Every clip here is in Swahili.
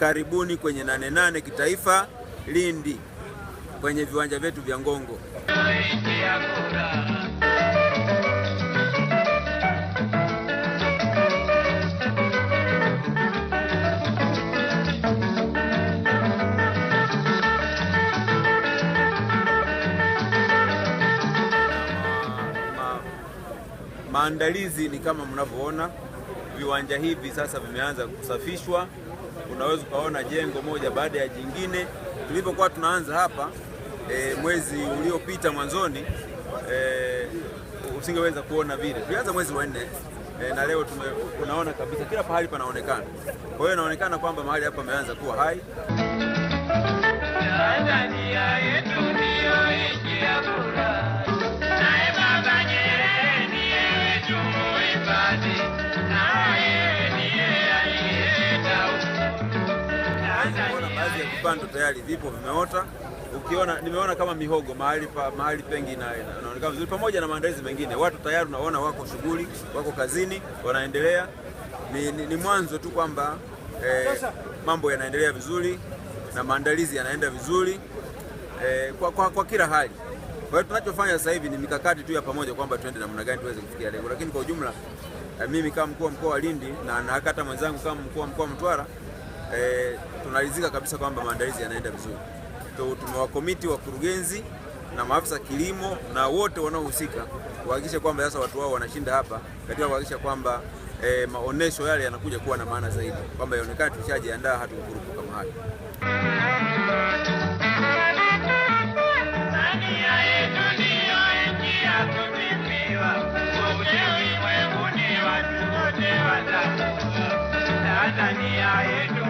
karibuni kwenye nane nane kitaifa Lindi kwenye viwanja vyetu vya Ngongo. Maandalizi ni kama mnavyoona, viwanja hivi sasa vimeanza kusafishwa unaweza ukaona jengo moja baada ya jingine. tulivyokuwa tunaanza hapa e, mwezi uliopita mwanzoni e, usingeweza kuona vile. Tulianza mwezi wa nne e, na leo tume, unaona kabisa kila pahali panaonekana. Kwa hiyo inaonekana kwamba mahali hapa ameanza kuwa hai. Tanzania yetu nchi ya furaha, naye Baba Nyerere ndiye wetu naye baadhi ya vipando tayari vipo vimeota. Ukiona nimeona kama mihogo mahali pa, mahali pengi na inaonekana vizuri, pamoja na maandalizi mengine. Watu tayari unaona wako shughuli, wako kazini, wanaendelea. Ni, ni, ni mwanzo tu kwamba eh, mambo yanaendelea vizuri na maandalizi yanaenda vizuri eh, kwa, kwa, kwa kila hali. Kwa hiyo tunachofanya sasa hivi ni mikakati tu ya pamoja kwamba tuende namna gani tuweze kufikia lengo, lakini kwa ujumla eh, mimi kama mkuu wa mkoa wa Lindi na, na hata mwenzangu kama mkuu wa mkoa wa Mtwara eh, tunaridhika kabisa kwamba maandalizi yanaenda vizuri. So tumewakomiti wakurugenzi na maafisa kilimo na wote wanaohusika kuhakikisha kwamba sasa watu wao wanashinda hapa katika kuhakikisha kwamba e, maonesho yale yanakuja kuwa na maana zaidi, kwamba yaonekane tushajiandaa, hatukukurupuka kama hayo Tanzania yetu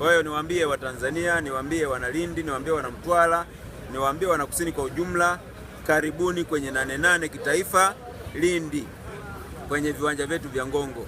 Kwa hiyo niwaambie Watanzania, niwaambie Wanalindi, niwaambie Wanamtwara, niwaambie Wanakusini kwa ujumla, karibuni kwenye nane nane kitaifa Lindi, kwenye viwanja vyetu vya Ngongo.